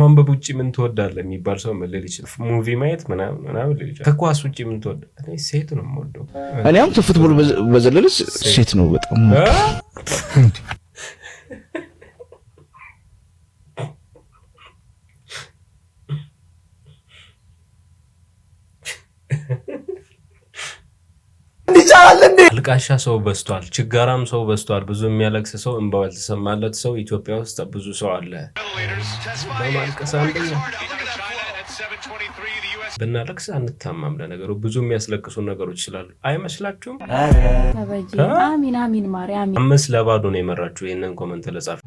ከማንበብ ውጭ ምን ትወዳለህ የሚባል ሰው ልል ይችላል። ሙቪ ማየት ምናምን ልል ይችላል። ከኳስ ውጭ ምን ትወዳለህ? ሴት ነው የምወደው እኔም አሁን ከፉትቦል በዘለለስ ሴት ነው በጣም ይቻላል አልቃሻ ሰው በዝቷል። ችጋራም ሰው በዝቷል። ብዙ የሚያለቅስ ሰው፣ እንባ ያልተሰማለት ሰው ኢትዮጵያ ውስጥ ብዙ ሰው አለ። በማልቀስ ብናለቅስ አንታማም። ለነገሩ ብዙ የሚያስለቅሱ ነገሮች ስላሉ አይመስላችሁም? አሚን አሚን። ማርያም አምስት ለባዶ ነው የመራችሁ። ይህንን ኮመንት ለጻፍ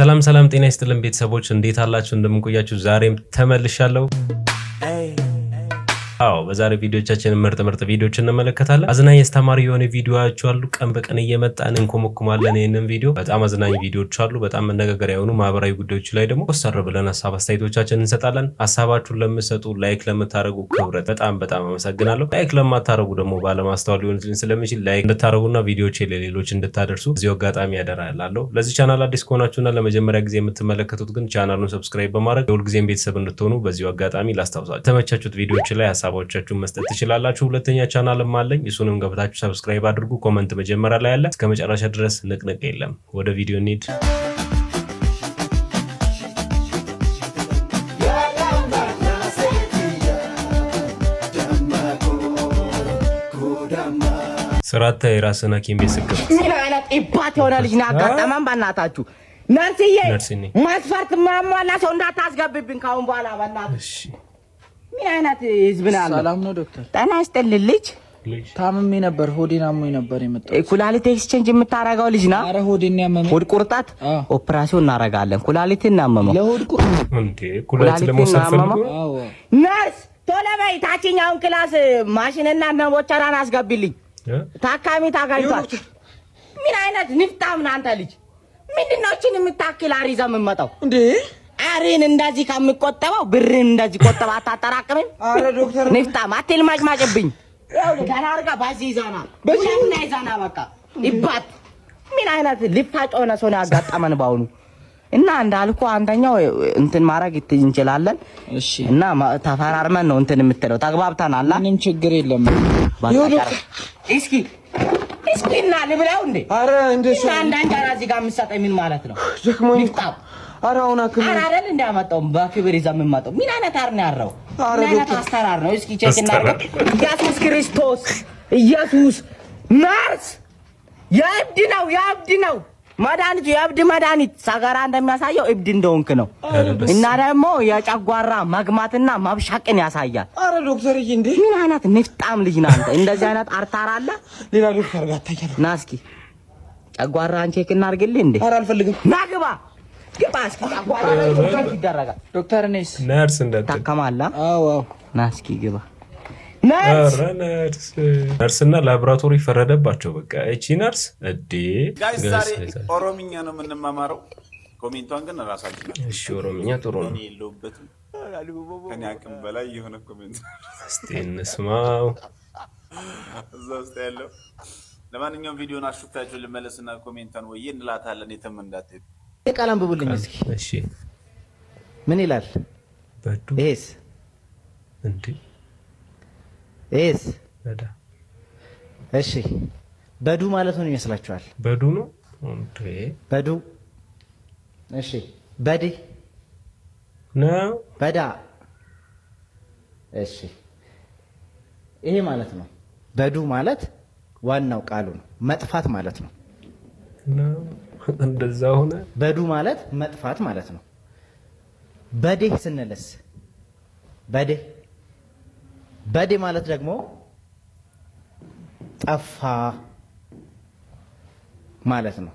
ሰላም ሰላም፣ ጤና ይስጥልን ቤተሰቦች እንዴት አላችሁ? እንደምንቆያችሁ ዛሬም ተመልሻለሁ። አዎ በዛሬ ቪዲዮቻችን ምርጥ ምርጥ ቪዲዮች እንመለከታለን። አዝናኝ አስተማሪ የሆነ ቪዲዮዎች አሉ። ቀን በቀን እየመጣን እንኮመኩማለን። ይህንን ቪዲዮ በጣም አዝናኝ ቪዲዮች አሉ። በጣም መነጋገር የሆኑ ማህበራዊ ጉዳዮች ላይ ደግሞ ኮስተር ብለን ሀሳብ አስተያየቶቻችን እንሰጣለን። ሀሳባችሁን ለምሰጡ ላይክ ለምታደረጉ ክብረት በጣም በጣም አመሰግናለሁ። ላይክ ለማታደረጉ ደግሞ ባለማስተዋል ሊሆን ስለሚችል ላይክ እንድታደረጉና ቪዲዮች ለሌሎች እንድታደርሱ እዚሁ አጋጣሚ ያደራ ያላለሁ። ለዚህ ቻናል አዲስ ከሆናችሁና ለመጀመሪያ ጊዜ የምትመለከቱት ግን ቻናሉን ሰብስክራይብ በማድረግ የሁልጊዜም ቤተሰብ እንድትሆኑ በዚሁ አጋጣሚ ላስታውሳችሁ። የተመቻችሁት ቪዲዮች ላይ ሀሳብ ሀሳቦቻችሁን መስጠት ትችላላችሁ። ሁለተኛ ቻናልም አለኝ፣ እሱንም ገብታችሁ ሰብስክራይብ አድርጉ። ኮመንት መጀመሪያ ላይ አለ። እስከ መጨረሻ ድረስ ንቅንቅ የለም። ወደ ቪዲዮ እንሂድ። ስራተ የራስን ሐኪም ቤት ስገብ ሚለው አይነት ኢባት የሆነ ልጅ ነው ያጋጠመን? በእናታችሁ ነርስዬ፣ መስፈርት ማሟላ ሰው እንዳታስገብብን ካሁን በኋላ በእናትህ ምን አይነት ህዝብ ነው? ሰላም ነው ዶክተር። ጤና ይስጥልኝ ልጅ ታምሜ ነበር። ሆዴን አሞኝ ነበር የመጣሁት። ኩላሊት ኤክስቼንጅ የምታረገው ልጅ ና። አረ ሆዴን ያመመኝ ሆድ ቁርጠት ኦፕራሲዮን እናረጋለን። ኩላሊትን ናመመው ነርስ፣ ቶሎ በይ ታችኛውን ክላስ ማሽንና ነቦቸራን አስገቢልኝ። ታካሚ ታጋይቷል። ምን አይነት ንፍጣም ነው አንተ ልጅ! ምንድን ነው እችን የምታክል አሪዛ የምመጣው እንዴ? አሬን እንዳዚህ ከምቆጠበው ብርን እንደዚህ ቆጠባ አታጠራቅምም። አረ ዶክተር ንፍጣም አትልማጭማጭብኝ። ገና አርጋ ባዚ ይዛና በሽምና ይዛና በቃ ይባት ምን አይነት ልፋጭ ሆነ ሰው ነው ያጋጠመን በአሁኑ እና እንዳልኩ አንደኛው እንትን ማድረግ እንችላለን እና ተፈራርመን ነው እንትን የምትለው አላ ምንም ችግር የለም። እስኪ እስኪ እና ልብላው እንዴ! አረ እንዴ! አንድ አንድ አራዚ ጋር የምትሰጠኝ ምን ማለት ነው? ኧረ አሁን አክም አይደል እንዳመጣው በክብር ይዛ የምመጣው ምን አይነት አር ነው ያረው? ምን አይነት አሰራር ነው? እስኪ ቼክ እናድርግ። ኢየሱስ ክርስቶስ ኢየሱስ ናርስ የእብድ ነው የእብድ ነው መድኃኒቱ የእብድ መድኃኒት ሰገራ እንደሚያሳየው እብድ እንደሆንክ ነው። እና ደግሞ የጨጓራ መግማትና ማብሻቅን ያሳያል። አረ ዶክተር ይሄ እንዴ ምን አይነት ንፍጣም ልጅ አንተ? እንደዚህ አይነት አርታራ አለ። ሌላ ዶክተር ጋር ታያለህ። ና እስኪ ጨጓራን ቼክ እናድርግልህ። እንዴ አረ አልፈልግም። ናግባ ነርስና ላቦራቶሪ ፈረደባቸው። በቃ እቺ ነርስ እዴ ኦሮምኛ ነው የምንማማረው። ኮሜንቷን ግን ራሳችን እሺ፣ ኦሮምኛ ጥሩ ነው። ከእኔ አቅም በላይ የሆነ ኮሜንት እስቲ እንስማው። እዛ ውስጥ ያለው ለማንኛውም ቪዲዮን አሹታችሁ ልመለስና ኮሜንቷን ወይ እንላታለን። የትም እንዳትሄዱ ቃል አንብቡልኝ እስኪ። እሺ ምን ይላል? በዱ ኤስ እንዴ በዳ እሺ፣ በዱ ማለት ምን ይመስላችኋል? በዱ ነው እንዴ? በዱ እሺ፣ በድ ነው በዳ እሺ፣ ይሄ ማለት ነው። በዱ ማለት ዋናው ቃሉ ነው። መጥፋት ማለት ነው። እንደዛ ሆነ። በዱ ማለት መጥፋት ማለት ነው። በዴህ ስንልስ በዴህ በዴ ማለት ደግሞ ጠፋ ማለት ነው።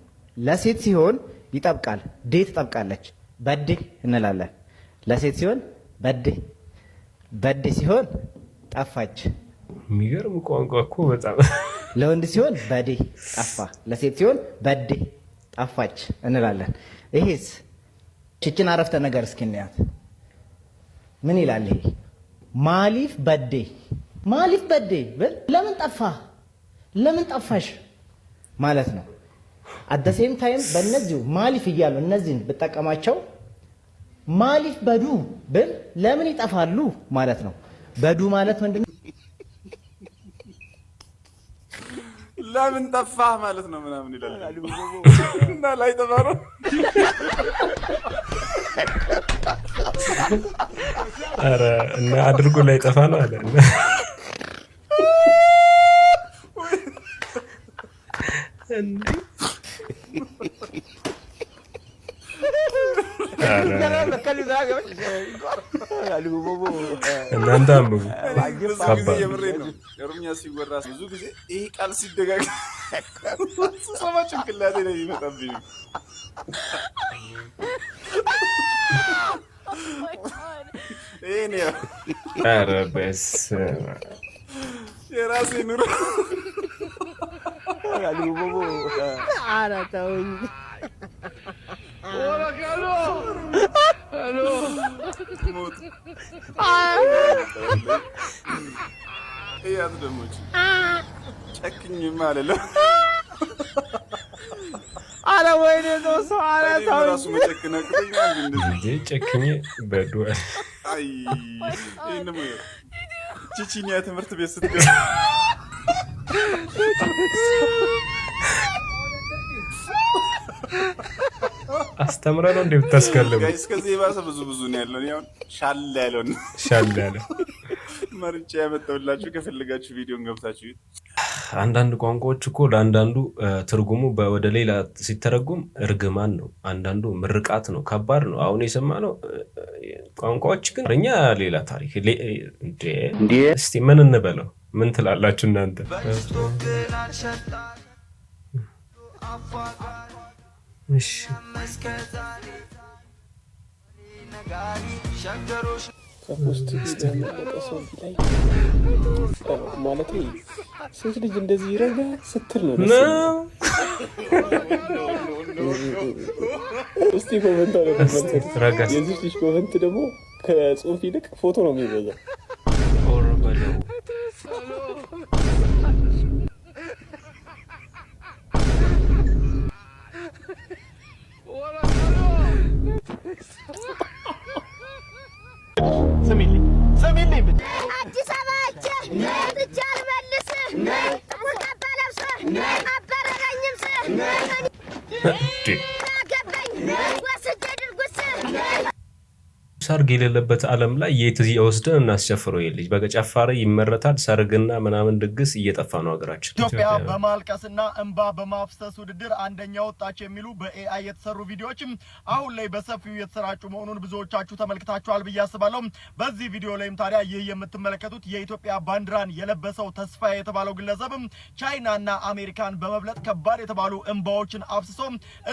ለሴት ሲሆን ይጠብቃል፣ ዴ ትጠብቃለች፣ በዴ እንላለን። ለሴት ሲሆን በዴ በዴ ሲሆን ጠፋች። የሚገርም ቋንቋ እኮ በጣም ለወንድ ሲሆን በዴ ጠፋ፣ ለሴት ሲሆን በዴ ጣፋጭ እንላለን። ይሄስ ችችን አረፍተ ነገር እስኪናያት ምን ይላል? ይሄ ማሊፍ በዴ ማሊፍ በዴ ብል ለምን ጠፋ ለምን ጠፋሽ ማለት ነው። አደሴም ታይም በእነዚሁ ማሊፍ እያሉ እነዚህን ብጠቀማቸው ማሊፍ በዱ ብል ለምን ይጠፋሉ ማለት ነው። በዱ ማለት ነው ለምን ጠፋህ ማለት ነው ምናምን ይላል እና ላይ ተባሮ ኧረ እና አድርጎ ላይ ጠፋ ነው አለ። እንዲህ እናንተ አንብቡ። ኦሮምኛ ሲወራ ብዙ ጊዜ ይህ ቃል ሲደጋግ ሰማ ጭንቅላቴ ላይ ይመጣብኝ። የራሴ ኑሮ ኧረ ተው እንጂ Hallo. Moed. እያት ደሞች ጨክኝም አልልም። አረ ወይኔ ነው ሰው አረ ተው ራሱ መጨክነ ጨክኝ በዱአ አይ ትምህርት ቤት ስትገባ አስተምረ ነው እንዴ ብታስከልም እስከዚህ የባሰ ብዙ ብዙ ነው ያለውን ሁን ሻል ያለው ሻል ያለ መርጫ ያመጣሁላችሁ። ከፈልጋችሁ ቪዲዮን ገብታችሁ አንዳንድ ቋንቋዎች እኮ ለአንዳንዱ ትርጉሙ ወደ ሌላ ሲተረጉም እርግማን ነው፣ አንዳንዱ ምርቃት ነው። ከባድ ነው። አሁን የሰማነው ቋንቋዎች ግን እኛ ሌላ ታሪክ። እስቲ ምን እንበለው? ምን ትላላችሁ እናንተ? ከፖስት ማለት ሴት ልጅ እንደዚህ ይረጋ ስትል ነው። እስቲ ኮመንት የዚህ ልጅ ኮመንት ደግሞ ከጽሁፍ ይልቅ ፎቶ ነው የሚበዛው። stick. ሰርግ የሌለበት ዓለም ላይ የት ወስደን እናስጨፍረው? የልጅ በቃ ይመረታል። ሰርግና ምናምን ድግስ እየጠፋ ነው ሀገራችን ኢትዮጵያ። በማልቀስና እንባ በማፍሰስ ውድድር አንደኛ ወጣች የሚሉ በኤአይ የተሰሩ ቪዲዮዎችም አሁን ላይ በሰፊው የተሰራጩ መሆኑን ብዙዎቻችሁ ተመልክታችኋል ብዬ አስባለሁ። በዚህ ቪዲዮ ላይም ታዲያ ይህ የምትመለከቱት የኢትዮጵያ ባንዲራን የለበሰው ተስፋ የተባለው ግለሰብም ቻይናና አሜሪካን በመብለጥ ከባድ የተባሉ እንባዎችን አፍስሶ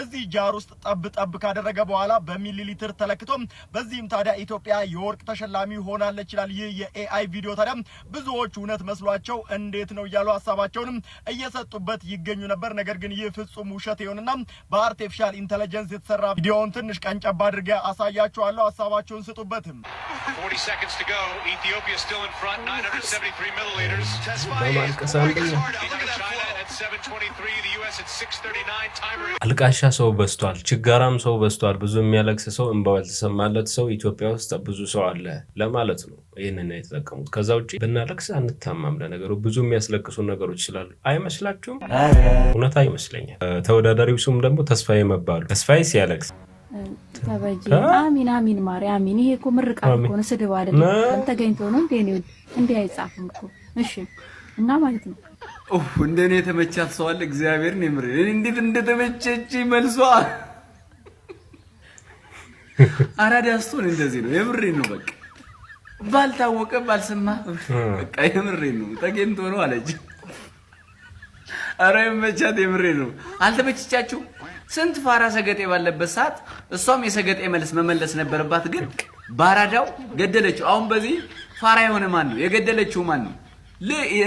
እዚህ ጃር ውስጥ ጠብ ጠብ ካደረገ በኋላ በሚሊሊትር ተለክቶ በዚህም ታዲያ ኢትዮጵያ የወርቅ ተሸላሚ ሆናለች ይላል። ይህ የኤአይ ቪዲዮ ታዲያ ብዙዎች እውነት መስሏቸው እንዴት ነው እያሉ ሀሳባቸውንም እየሰጡበት ይገኙ ነበር። ነገር ግን ይህ ፍጹም ውሸት ይሆንና በአርቲፊሻል ኢንተለጀንስ የተሰራ ቪዲዮውን ትንሽ ቀንጨባ አድርጌ አሳያችኋለሁ። ሀሳባቸውን ስጡበትም። አልቃሻ ሰው በዝቷል። ችጋራም ሰው በዝቷል። ብዙ የሚያለቅስ ሰው፣ እንባው ያልተሰማለት ሰው ኢትዮጵያ ኢትዮጵያ ውስጥ ብዙ ሰው አለ ለማለት ነው ይህንን የተጠቀሙት። ከዛ ውጭ ብናለቅስ አንታማም። ለነገሩ ብዙ የሚያስለቅሱ ነገሮች ስላሉ አይመስላችሁም? እውነታ ይመስለኛል። ተወዳዳሪው ስም ደግሞ ተስፋዬ መባሉ ተስፋዬ ሲያለቅስ አሚን አሚን ማሪ አሚን። ይሄ እኮ ምርቃት ሆነ ስድብ አይደለም። ተገኝቶ ነው እንዴ? እንዲህ አይጻፍም እኮ እሺ። እና ማለት ነው እንደኔ የተመቻት ሰዋል እግዚአብሔርን የምር እንዴት እንደተመቸች መልሷ አራዳ ስትሆን እንደዚህ ነው። የምሬን ነው። በቃ ባልታወቀ ባልሰማ በቃ የምሬን ነው። ተገኝቶ ነው አለች። አረ የመቻት የምሬን ነው። አልተመችቻችሁም? ስንት ፋራ ሰገጤ ባለበት ሰዓት እሷም የሰገጤ መልስ መመለስ ነበረባት፣ ግን ባራዳው ገደለችው። አሁን በዚህ ፋራ የሆነ ማን ነው የገደለችው? ማን ነው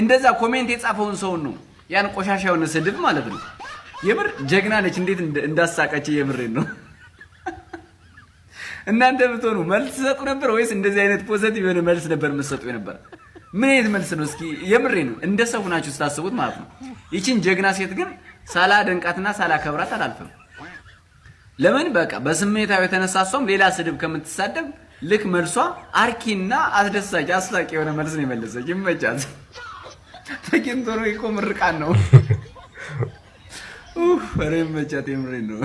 እንደዛ ኮሜንት የጻፈውን ሰውን ነው ያን ቆሻሻ የሆነ ስድብ ማለት ነው። የምር ጀግና ነች። እንዴት እንዳሳቀች የምሬን ነው። እናንተ ብትሆኑ መልስ ሰጡ ነበር ወይስ እንደዚህ አይነት ፖዘቲቭ የሆነ መልስ ነበር የምትሰጡ ነበር? ምን አይነት መልስ ነው? እስኪ የምሬ ነው። እንደ ሰው ናችሁ ስታስቡት ማለት ነው። ይችን ጀግና ሴት ግን ሳላ ደንቃትና ሳላ ከብራት አላልፍም። ለምን በቃ በስሜታዊ የተነሳሷም ሌላ ስድብ ከምትሳደብ ልክ መልሷ አርኪና አስደሳች አስሳቂ የሆነ መልስ ነው የመለሰች። ይመቻት ተኪንቶ ነው ይኮ ምርቃን ነው። ኡፍ ኧረ ይመቻት፣ የምሬ ነው።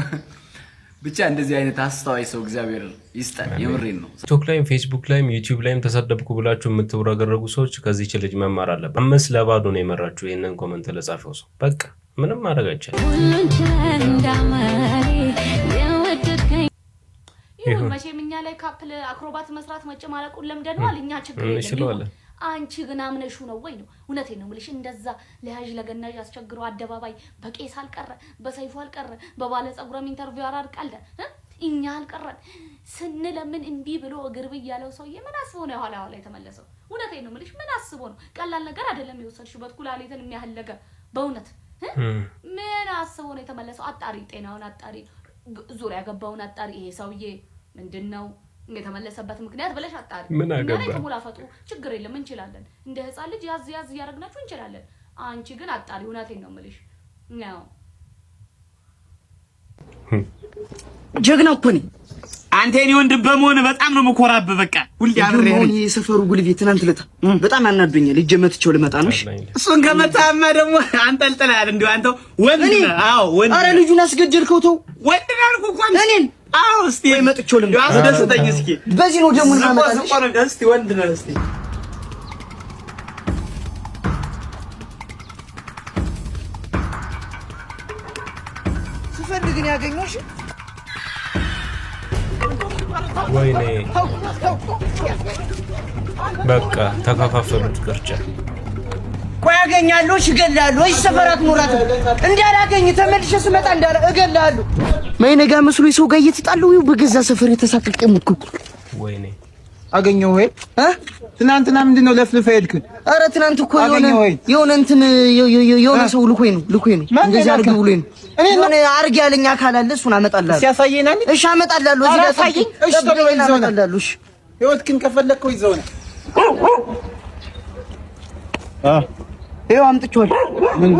ብቻ እንደዚህ አይነት አስተዋይ ሰው እግዚአብሔር ይስጠን። የምሬን ነው። ቲክቶክ ላይም ፌስቡክ ላይም ዩቲዩብ ላይም ተሰደብኩ ብላችሁ የምትወረገረጉ ሰዎች ከዚች ልጅ መማር አለበት። አምስት ለባዶ ነው የመራችሁ። ይህንን ኮመንት ለጻፈው ሰው በቃ ምንም ማድረግ አይቻልም። ይሁን መቼም እኛ ላይ ካፕል አክሮባት መስራት መጨማለቁን ለምደነዋል። እኛ ችግር የለም አንቺ ግን አምነሹ ነው ወይ ነው? እውነቴን ነው የምልሽ። እንደዛ ለያዥ ለገናዥ አስቸግረው አደባባይ በቄስ አልቀረ በሰይፉ አልቀረ በባለ በባለጸጉረም ኢንተርቪው አራርቅ አለ እኛ አልቀረን ስንለምን እምቢ ብሎ እግር ብዬ ያለው ሰውዬ ምን አስቦ ነው የኋላ ኋላ የተመለሰው? እውነቴን ነው የምልሽ። ምን አስቦ ነው? ቀላል ነገር አይደለም የወሰድሽበት ኩላሊትን የሚያህል ነገር በእውነት ምን አስቦ ነው የተመለሰው? አጣሪ፣ ጤናውን አጣሪ፣ ዙሪያ ገባውን አጣሪ። ይሄ ሰውዬ ምንድን ነው የተመለሰበት ምክንያት ብለሽ አጣሪ። ምን አገባ ተሞላፈጡ ችግር የለም እንችላለን። እንደ ህፃን ልጅ ያዝ ያዝ እያደረግናችሁ እንችላለን። አንቺ ግን አጣሪ። እውነቴን ነው የምልሽ። ነው ጀግና እኮ ነኝ። አንተ የኔ ወንድ በመሆን በጣም ነው የምኮራብህ። በቃ ሁሌ አብሬ ነኝ። የሰፈሩ ጉልቤ ትናንት ለታ በጣም ያናዶኛል። እጄ መትቼው ልመጣ ነው። እሺ እሱን ከመታማ ደግሞ አንጠልጥላል። እንዲሁ አንተው ወንድ ነህ። አዎ ወንድ። አረ ልጁን አስገደልከው። ተው ወንድ ነህ አልኩህ እኮ እኔን እስቲ መጥቼው ልምጣ። አስደስተኝ እስኪ። በዚህ ነው ደግሞ እናመጣልሽ። እስቲ ወንድ ነህ እስቲ ስፈልግ ነው ያገኘሁሽ። ወይኔ በቃ ተከፋፈሉት ቅርጫ ቆይ አገኛለሁ፣ እገላለሁ። እሺ ሰፈራት ሞራት እንዳላገኝ ተመልሼ ስመጣ እንዳላ እገላለሁ። ማይነጋ መስሎ ሰው ጋር እየተጣለው በገዛ ሰፈር የተሳቀቀ ሙኩ ወይኔ አገኘው ወይ እ ትናንትና ምንድን ነው ለፍልፈ ሄድክ? ኧረ ትናንት እኮ የሆነ እንትን የሆነ ሰው ልኮኝ ነው ልኮኝ ነው እንደዚህ አድርግ ብሎኝ ነው የሆነ አድርግ ያለኝ አካል አለ። እሱን አመጣልሃለሁ። ሲያሳየናል። እሺ አመጣልሃለሁ። እዚህ ጋር ሳይኝ እሺ ተብሎኝ አመጣልሃለሁ። እሺ ህይወትክን ከፈለግከው ይዘውና ይኸው አምጥቼዋለሁ። ምን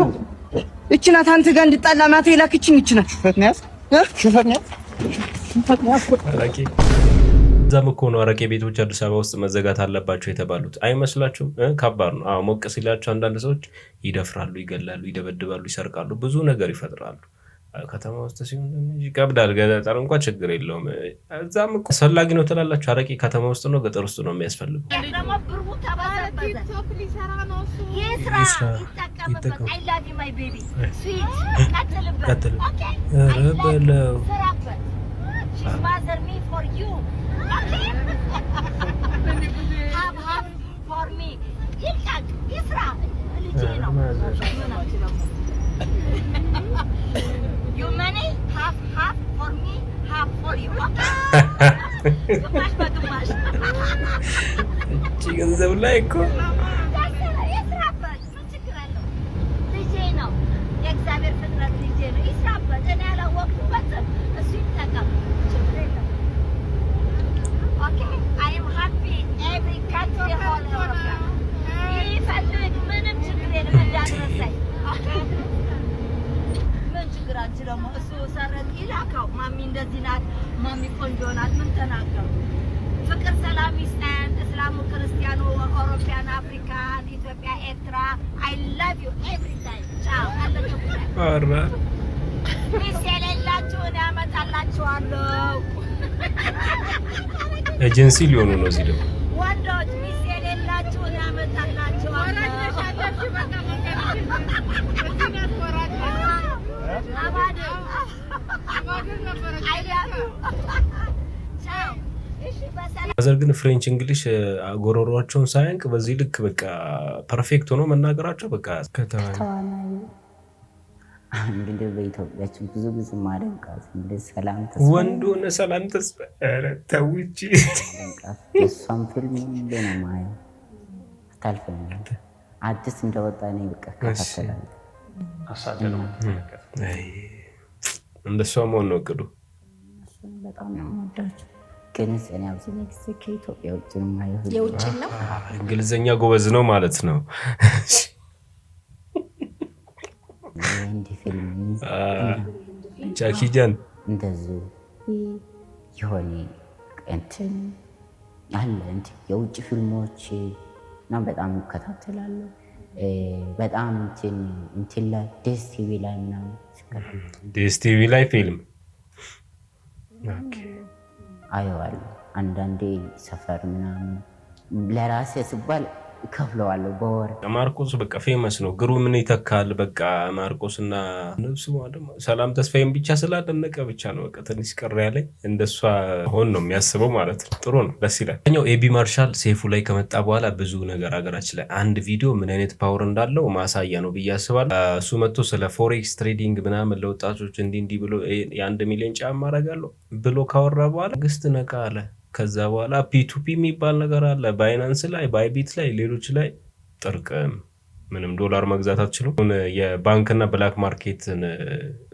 ይህች ናት አንተ ጋር እንድጣላ ማታ የላክችኝ ይህች ናት። ነው እዛም እኮ ነው አረቄ ቤቶች አዲስ አበባ ውስጥ መዘጋት አለባቸው የተባሉት አይመስላችሁም? ከባድ ነው። አዎ ሞቅ ሲላቸው አንዳንድ ሰዎች ይደፍራሉ፣ ይገላሉ፣ ይደበድባሉ፣ ይሰርቃሉ፣ ብዙ ነገር ይፈጥራሉ። ከተማ ውስጥ ሲሆን ይከብዳል። ገጠር እንኳ ችግር የለውም። እዛም አስፈላጊ ነው ትላላችሁ። አረቄ ከተማ ውስጥ ነው ገጠር ውስጥ ነው የሚያስፈልገው? ይስራ Your money, half, half for me, half for you. ግማሽ በግማሽ እቺ ገንዘብ ላይ እኮ ያስራበት ምን ችግር አለው? ልጄ ነው፣ የእግዚአብሔር ፍጥረት ልጄ ነው። ይስራበት። እኔ ያላወቅኩበት እሱ ይጠቀም፣ ችግር የለም። ኦኬ አይ ኤም ሃፒ ኤቭሪ ካንትሪ ሆል ይፈልግ ምንም ችግር የለም እንዳትረሳኝ። ኦኬ ችግራችን ደግሞ እሱ ሰረት ይላካው ማሚ እንደዚህ ናት፣ ማሚ ቆንጆ ናት። ምን ተናገሩ? ፍቅር ሰላም ይስጠን። እስላሙ፣ ክርስቲያኑ፣ አውሮፓያን፣ አፍሪካን፣ ኢትዮጵያ፣ ኤርትራ አይ ላቭ ዩ ኤቭሪ ታይም። ቻው የሌላችሁን ያመጣላችኋለሁ። ኤጀንሲ ሊሆኑ ነው እዚህ ደግሞ ወንዶች ሚስ የሌላችሁን ያመጣላችኋለሁ። ማዘር ግን ፍሬንች እንግሊሽ ጎሮሯቸውን ሳያንቅ በዚህ ልክ በቃ ፐርፌክት ሆኖ መናገራቸው በቃ እንግዲህ በኢትዮጵያችን ብዙ ጊዜ ማደንቃት እንግዲህ ሰላም ወንድ ሆነ ሰላም ተስፋ ተውጭ እሷም ፊልም ነው ማየው አዲስ እንደወጣ በቃ አሳደን የምትመለከት እንደሷ መሆን ነው እቅዱ። በጣም ነው የምወዳቸው ግን እኔ አብዛኛው ጊዜ ከኢትዮጵያ ውጭ የውጭ ነው። እንግሊዝኛ ጎበዝ ነው ማለት ነው። ጃኪጃን እንደዚህ የሆነ እንትን አለ የውጭ ፊልሞች እና በጣም እከታተላለሁ በጣም እንትን ላይ ቲቪ ላይ ምናምን ዲስቲቪ ላይ ፊልም አየዋለሁ። አንዳንዴ ሰፈር ምናምን ለራሴ ስባል ከፍለዋለሁ በወር ማርቆስ በቃ ፌመስ ነው። ግሩምን ይተካል። በቃ ማርቆስ እና ነብስ ሰላም ተስፋዬም ብቻ ስላደነቀ ብቻ ነው በቃ ትንሽ ቅር ያለኝ እንደሷ ሆን ነው የሚያስበው ማለት ነው። ጥሩ ነው፣ ደስ ይላል። ኛው ኤቢ ማርሻል ሴፉ ላይ ከመጣ በኋላ ብዙ ነገር ሀገራችን ላይ አንድ ቪዲዮ ምን አይነት ፓወር እንዳለው ማሳያ ነው ብዬ አስባለሁ። እሱ መጥቶ ስለ ፎሬክስ ትሬዲንግ ምናምን ለወጣቶች እንዲህ እንዲህ ብሎ የአንድ ሚሊዮን ጫማ አደርጋለሁ ብሎ ካወራ በኋላ ግስት ነቃ አለ። ከዛ በኋላ ፒቱፒ የሚባል ነገር አለ። ባይናንስ ላይ ባይቢት ላይ ሌሎች ላይ ጥርቅም ምንም ዶላር መግዛት አትችሉም። የባንክና ብላክ ማርኬትን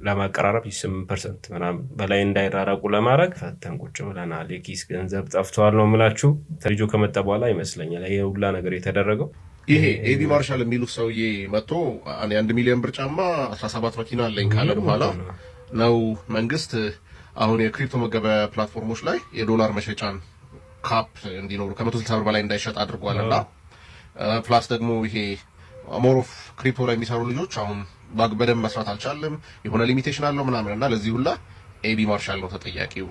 ለማቀራረብ ስምንት ፐርሰንት ምናምን በላይ እንዳይራራቁ ለማድረግ ፈተን ቁጭ ብለናል። የኪስ ገንዘብ ጠፍተዋል ነው የምላችሁ። ተልጆ ከመጣ በኋላ ይመስለኛል ይሄ ሁላ ነገር የተደረገው። ይሄ ኤዲ ማርሻል የሚሉት ሰውዬ መጥቶ አንድ ሚሊዮን ብር ጫማ 17 መኪና አለኝ ካለ በኋላ ነው መንግስት አሁን የክሪፕቶ መገበያ ፕላትፎርሞች ላይ የዶላር መሸጫን ካፕ እንዲኖሩ ከ160 ብር በላይ እንዳይሸጥ አድርጓል እና ፕላስ ደግሞ ይሄ ሞሮፍ ክሪፕቶ ላይ የሚሰሩ ልጆች አሁን በደንብ መስራት አልቻለም፣ የሆነ ሊሚቴሽን አለው ምናምን እና ለዚህ ሁላ ኤቢ ማርሻል ነው ተጠያቂው።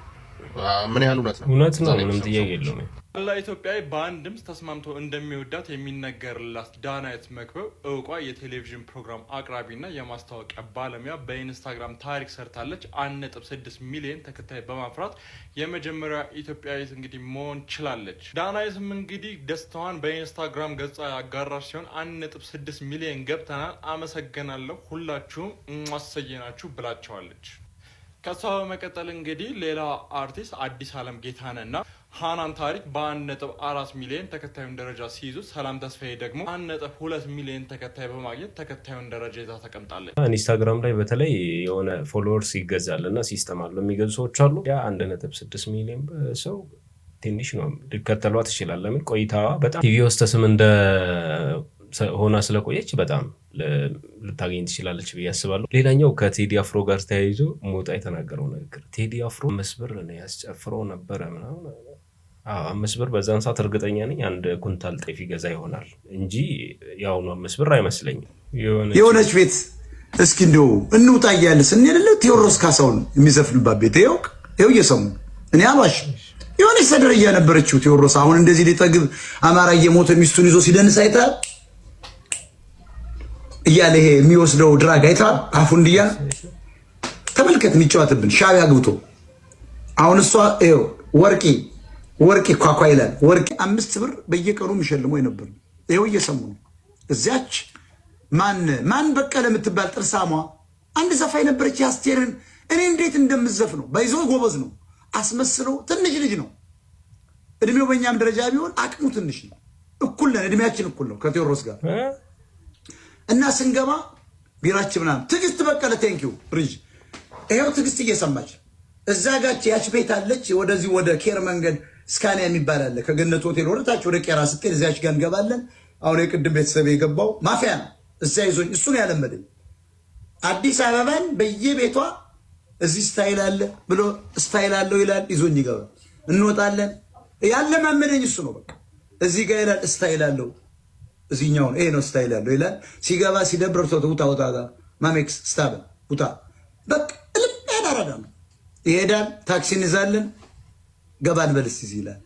ምን ያህል እውነት ነው? እውነት ነው፣ ምንም ጥያቄ የለውም። መላ ኢትዮጵያዊ በአንድ ድምፅ ተስማምቶ እንደሚወዳት የሚነገርላት ዳናይት መክበብ እውቋ የቴሌቪዥን ፕሮግራም አቅራቢና የማስታወቂያ ባለሙያ በኢንስታግራም ታሪክ ሰርታለች። አንድ ነጥብ ስድስት ሚሊዮን ተከታይ በማፍራት የመጀመሪያ ኢትዮጵያዊት እንግዲህ መሆን ችላለች። ዳናይትም እንግዲህ ደስታዋን በኢንስታግራም ገጻ አጋራሽ ሲሆን አንድ ነጥብ ስድስት ሚሊዮን ገብተናል፣ አመሰግናለሁ ሁላችሁም ማሰየናችሁ ብላቸዋለች። ከሷ በመቀጠል እንግዲህ ሌላ አርቲስት አዲስ አለም ጌታነና ሃናን ታሪክ በአንድ ነጥብ አራት ሚሊዮን ተከታዩን ደረጃ ሲይዙ ሰላም ተስፋዬ ደግሞ አንድ ነጥብ ሁለት ሚሊዮን ተከታይ በማግኘት ተከታዩን ደረጃ ይዛ ተቀምጣለች። ኢንስታግራም ላይ በተለይ የሆነ ፎሎወርስ ይገዛል እና ሲስተም አለ የሚገዙ ሰዎች አሉ። ያ አንድ ነጥብ ስድስት ሚሊዮን ሰው ትንሽ ነው፣ ሊከተሏ ትችላል። ለምን ቆይታዋ በጣም ቲቪ ውስጥ ስም እንደ ሆና ስለቆየች በጣም ልታገኝ ትችላለች ብዬ አስባለሁ። ሌላኛው ከቴዲ አፍሮ ጋር ተያይዞ ሞጣ የተናገረው ንግግር ቴዲ አፍሮ አምስት ብር ያስጨፍረው ነበረ ምናምን አምስት ብር በዛን ሰዓት እርግጠኛ ነኝ አንድ ኩንታል ጤፍ ይገዛ ይሆናል እንጂ የአሁኑ አምስት ብር አይመስለኝም። የሆነች ቤት እስኪ እንዲሁ እንውጣ እያለ ስንሄድለ ቴዎድሮስ ካሳሁን የሚዘፍንባት ቤት ይኸው ይኸው እየሰሙ እኔ አሏሽ የሆነች ሰደር እያነበረችው ቴዎድሮስ አሁን እንደዚህ ሊጠግብ አማራ እየሞተ ሚስቱን ይዞ ሲደንስ አይተሃል። እያለ ይሄ የሚወስደው ድራግ አይተሃል? አፉ እንዲያ ተመልከት፣ የሚጫወትብን ሻቢያ ግብቶ አሁን እሷ ወርቂ ወርቂ ኳኳ ይላል። ወርቂ አምስት ብር በየቀኑ የሚሸልሞ የነበር ይኸው እየሰሙ ነው። እዚያች ማን ማን በቀለ የምትባል ጥርሳሟ አንድ ዘፋኝ ነበረች። ያስቴርን እኔ እንዴት እንደምዘፍ ነው በይዞ ጎበዝ ነው አስመስሎ ትንሽ ልጅ ነው እድሜው በእኛም ደረጃ ቢሆን አቅሙ ትንሽ ነው። እኩል ነን፣ እድሜያችን እኩል ነው ከቴዎድሮስ ጋር እና ስንገባ ቢራች ምናምን ትግስት በቀለ ቴንኪው ብሪጅ ይኸው ትግስት እየሰማች እዛ ጋች ያች ቤት አለች። ወደዚህ ወደ ኬር መንገድ ስካኒያ የሚባል አለ። ከገነት ሆቴል ወደታች ወደ ቄራ ስትሄድ እዚያች ጋር እንገባለን። አሁን የቅድም ቤተሰብ የገባው ማፊያ ነው። እዛ ይዞኝ እሱ ነው ያለመደኝ። አዲስ አበባን በየቤቷ እዚህ ስታይል አለ ብሎ ስታይል አለው ይላል። ይዞኝ ይገባል። እንወጣለን። ያለማመደኝ እሱ ነው። በቃ እዚህ ጋር ይላል ስታይል አለው እዚህኛውን ይሄ ነው ስታይል ያለው ይላል። ሲገባ ሲደብር ሰው ውጣ ውጣ ማሜክስ ስታብ ውጣ በቃ እልም ያዳረጋ ነው ይሄዳል። ታክሲ እንይዛለን ገባን በልስ ይዝ ይላል።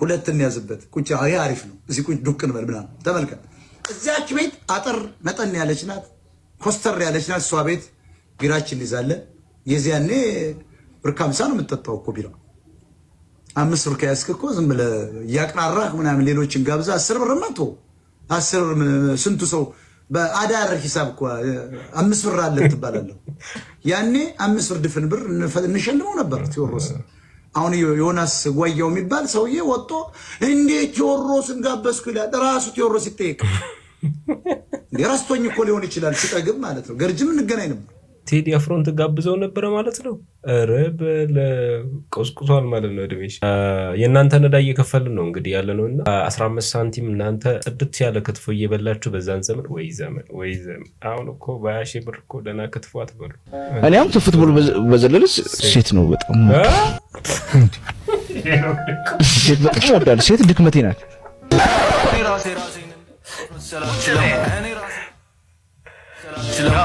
ሁለት እንያዝበት ቁጭ ይሄ አሪፍ ነው። እዚህ ቁጭ ዱቅ እንበል ምናምን ተመልከት። እዚያች ቤት አጠር መጠን ያለች ናት፣ ኮስተር ያለች ናት። እሷ ቤት ቢራችን እንይዛለን። የዚያኔ ብር ከሀምሳ ነው የምጠጣው እኮ ቢራ አምስት ብር ከያዝክ እኮ ዝም ብለህ እያቅራራህ ምናምን ሌሎችን ጋብዛ አስር ብር መቶ አስር ስንቱ ሰው በአዳር ሂሳብ እኮ አምስት ብር አለ ትባላለሁ። ያኔ አምስት ብር ድፍን ብር እንሸልመው ነበር ቴዎድሮስ። አሁን ዮናስ ጓያው የሚባል ሰውዬ ወጥቶ እንዴት ቴዎድሮስን ጋበዝኩ ይላል። ራሱ ቴዎድሮስ ይጠየቅ። ራስቶኝ እኮ ሊሆን ይችላል፣ ሲጠግብ ማለት ነው። ገርጅም እንገናኝ ነበር ቴዲ አፍሮን ትጋብዘው ነበረ ማለት ነው። ኧረ ቆስቁሷል ማለት ነው እድሜሽ። የእናንተ ነዳ እየከፈልን ነው እንግዲህ ያለ ነው እና አስራ አምስት ሳንቲም እናንተ ጽድት ያለ ክትፎ እየበላችሁ በዛን ዘመን ወይ ዘመን ወይ ዘመን። አሁን እኮ በያሼ ብር እኮ ደህና ክትፎ አትበሉ። እኔም አሁን ከፉትቦል በዘለልስ ሴት ነው በጣም ሴት በጣም እወዳለሁ። ሴት ድክመቴ ናት። እኔ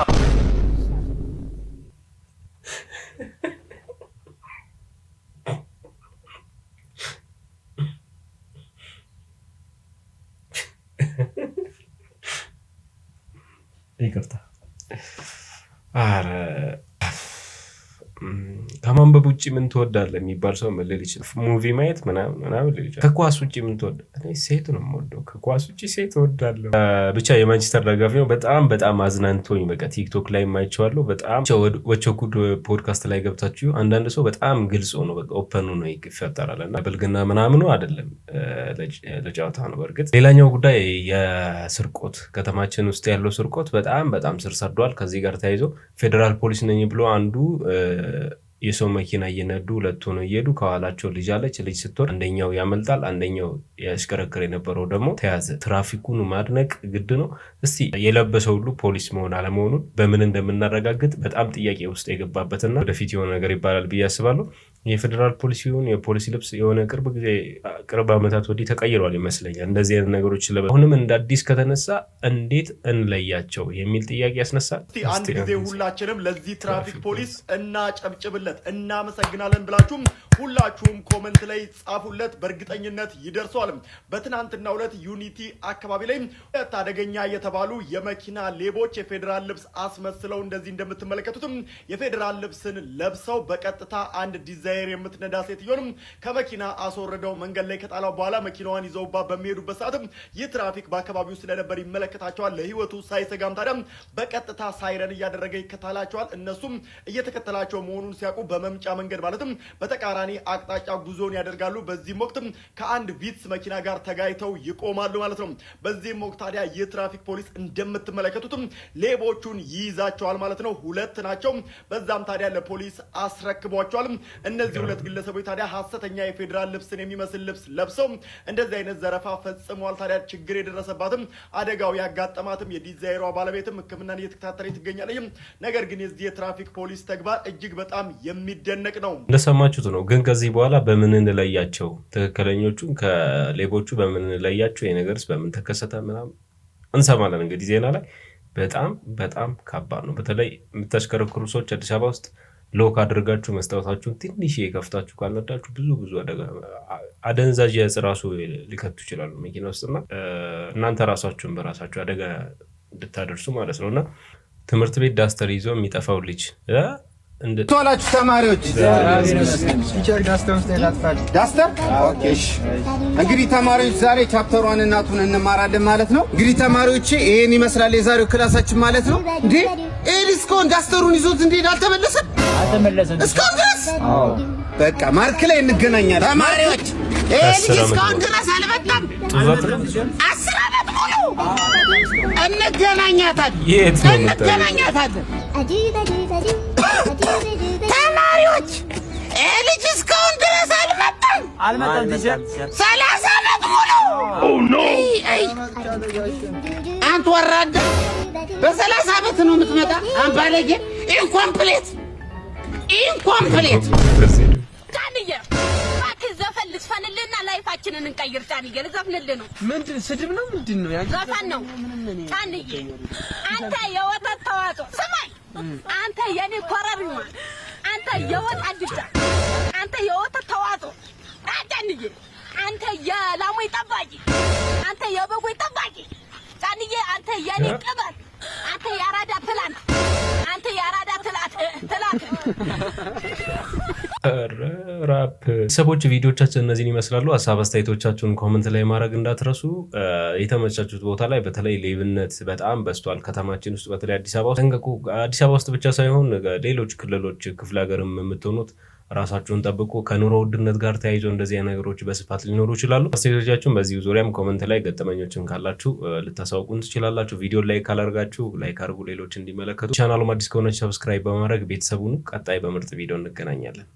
ይቅርታ። ኧረ ከማንበብ ውጭ ምን ትወዳለህ የሚባል ሰው ልል ይችላል። ሙቪ ማየት ምናምን ልል ይችላል። ከኳስ ውጭ ምን ትወዳለህ? ሴት ነው የምወደው። ከኳስ ውጭ ሴት እወዳለሁ። ብቻ የማንቸስተር ደጋፊ ነው። በጣም በጣም አዝናንቶኝ በቃ ቲክቶክ ላይ የማይቸዋለሁ። በጣም ወቸኩድ ፖድካስት ላይ ገብታችሁ አንዳንድ ሰው በጣም ግልጽ ሆኖ በቃ ኦፐኑ ነው ይፈጠራል እና ብልግና ምናምኑ አይደለም ለጨዋታ ነው። በእርግጥ ሌላኛው ጉዳይ የስርቆት ከተማችን ውስጥ ያለው ስርቆት በጣም በጣም ስር ሰዷል። ከዚህ ጋር ተያይዞ ፌዴራል ፖሊስ ነኝ ብሎ አንዱ የሰው መኪና እየነዱ ሁለት ሆነው እየሄዱ ከኋላቸው ልጅ አለች። ልጅ ስትወር አንደኛው ያመልጣል፣ አንደኛው ያሽከረክር የነበረው ደግሞ ተያዘ። ትራፊኩን ማድነቅ ግድ ነው። እስቲ የለበሰው ሁሉ ፖሊስ መሆን አለመሆኑን በምን እንደምናረጋግጥ በጣም ጥያቄ ውስጥ የገባበትና ወደፊት የሆነ ነገር ይባላል ብዬ አስባለሁ። የፌዴራል ፖሊሲውን የፖሊሲ ልብስ የሆነ ቅርብ ጊዜ ቅርብ ዓመታት ወዲህ ተቀይሯል ይመስለኛል። እንደዚህ አይነት ነገሮች አሁንም እንደ አዲስ ከተነሳ እንዴት እንለያቸው የሚል ጥያቄ ያስነሳል። አንድ ጊዜ ሁላችንም ለዚህ ትራፊክ ፖሊስ እናጨብጭብለት፣ እናመሰግናለን ብላችሁም ሁላችሁም ኮመንት ላይ ጻፉለት። በእርግጠኝነት ይደርሷል። በትናንትና ሁለት ዩኒቲ አካባቢ ላይ ሁለት አደገኛ የተባሉ የመኪና ሌቦች የፌዴራል ልብስ አስመስለው እንደዚህ እንደምትመለከቱትም የፌዴራል ልብስን ለብሰው በቀጥታ አንድ ዲዛይር የምትነዳ ሴትዮንም ከመኪና አስወርደው መንገድ ላይ ከጣላው በኋላ መኪናዋን ይዘውባ በሚሄዱበት ሰዓትም ይህ ትራፊክ በአካባቢው ስለነበር ይመለከታቸዋል። ለህይወቱ ሳይሰጋም ታዲያም በቀጥታ ሳይረን እያደረገ ይከታላቸዋል። እነሱም እየተከተላቸው መሆኑን ሲያውቁ በመምጫ መንገድ ማለትም በተቃራ ተቃራኒ አቅጣጫ ጉዞን ያደርጋሉ። በዚህም ወቅት ከአንድ ቪትስ መኪና ጋር ተጋይተው ይቆማሉ ማለት ነው። በዚህም ወቅት ታዲያ የትራፊክ ፖሊስ እንደምትመለከቱትም ሌቦቹን ይይዛቸዋል ማለት ነው። ሁለት ናቸው። በዛም ታዲያ ለፖሊስ አስረክቧቸዋል። እነዚህ ሁለት ግለሰቦች ታዲያ ሀሰተኛ የፌዴራል ልብስን የሚመስል ልብስ ለብሰው እንደዚህ አይነት ዘረፋ ፈጽመዋል። ታዲያ ችግር የደረሰባትም አደጋው ያጋጠማትም የዲዛይሯ ባለቤትም ሕክምናን እየተከታተለች ትገኛለች። ነገር ግን የዚህ የትራፊክ ፖሊስ ተግባር እጅግ በጣም የሚደነቅ ነው። እንደሰማችሁት ነው ግን ከዚህ በኋላ በምን እንለያቸው? ትክክለኞቹን ከሌቦቹ በምን እንለያቸው? ይሄ በምን ተከሰተ? ምናምን እንሰማለን። እንግዲህ ዜና ላይ በጣም በጣም ከባድ ነው። በተለይ የምታሽከረክሩ ሰዎች አዲስ አበባ ውስጥ ሎክ አድርጋችሁ መስታወታችሁን ትንሽ የከፍታችሁ ካልነዳችሁ ብዙ ብዙ አደንዛዥ ዕፅ ራሱ ሊከቱ ይችላሉ መኪና ውስጥና እናንተ ራሳችሁን በራሳችሁ አደጋ እንድታደርሱ ማለት ነው እና ትምህርት ቤት ዳስተር ይዞ የሚጠፋው ልጅ ቶላችሁ ተማሪዎች ዳስተር እንግዲህ ተማሪዎች ዛሬ ቻፕተር ቻፕተሯን እናቱን እንማራለን ማለት ነው። እንግዲህ ተማሪዎች ይሄን ይመስላል የዛሬው ክላሳችን ማለት ነው። እንዴ ኤሊስኮን ዳስተሩን ይዞት እንዴት አልተመለሰም? አልተመለሰም እስካሁን ድረስ በቃ ማርክ ላይ እንገናኛለን ተማሪዎች። ኤሊስኮን ድረስ አልመጣም። አስር አመት ሙሉ እንገናኛታለን እንገናኛታለን ተማሪዎች ልጅ እስካሁን ድረስ አልመጣም አልመጣም። ሰላሳ ዓመት ሙሉ አንተ ወራዳ በሰላሳ ዓመት ነው የምትመጣ? አምባለጌ ኢንኮምፕሌት ኢንኮምፕሌት ዘፈን ላይፋችንን እንቀይር። ጫንዬ ልዘፍንልህ ነው። ምንድን ስድብ ነው? ምንድን ነው? ዘፈን ነው አንተ የወተት ተዋጽኦ ስማኝ አንተ የኔ ኮረሪማ፣ አንተ የወጣ አድጫ፣ አንተ የወተት ተዋጦ ጫንዬ፣ አንተ የላሙ ጠባቂ፣ አንተ የበጉ ጠባቂ ጫንዬ፣ አንተ የኔ ቅበት፣ አንተ የአራዳ ፕላንት፣ አንተ የአራዳ ትላት ትላት ትራፕ ሰቦች ቪዲዮቻችን እነዚህን ይመስላሉ። ሀሳብ አስተያየቶቻችሁን ኮመንት ላይ ማድረግ እንዳትረሱ። የተመቻችሁት ቦታ ላይ በተለይ ሌብነት በጣም በስቷል ከተማችን ውስጥ በተለይ አዲስ አበባ ውስጥ ጠንቀቁ። አዲስ አበባ ውስጥ ብቻ ሳይሆን ሌሎች ክልሎች ክፍለ ሀገርም የምትሆኑት ራሳችሁን ጠብቁ። ከኑሮ ውድነት ጋር ተያይዞ እንደዚህ ነገሮች በስፋት ሊኖሩ ይችላሉ። አስተያየቶቻችሁን በዚህ ዙሪያም ኮመንት ላይ ገጠመኞችን ካላችሁ ልታሳውቁን ትችላላችሁ። ቪዲዮ ላይ ካላርጋችሁ ላይክ አድርጉ፣ ሌሎች እንዲመለከቱ። ቻናሉም አዲስ ከሆነች ሰብስክራይብ በማድረግ ቤተሰቡን ቀጣይ በምርጥ ቪዲዮ እንገናኛለን።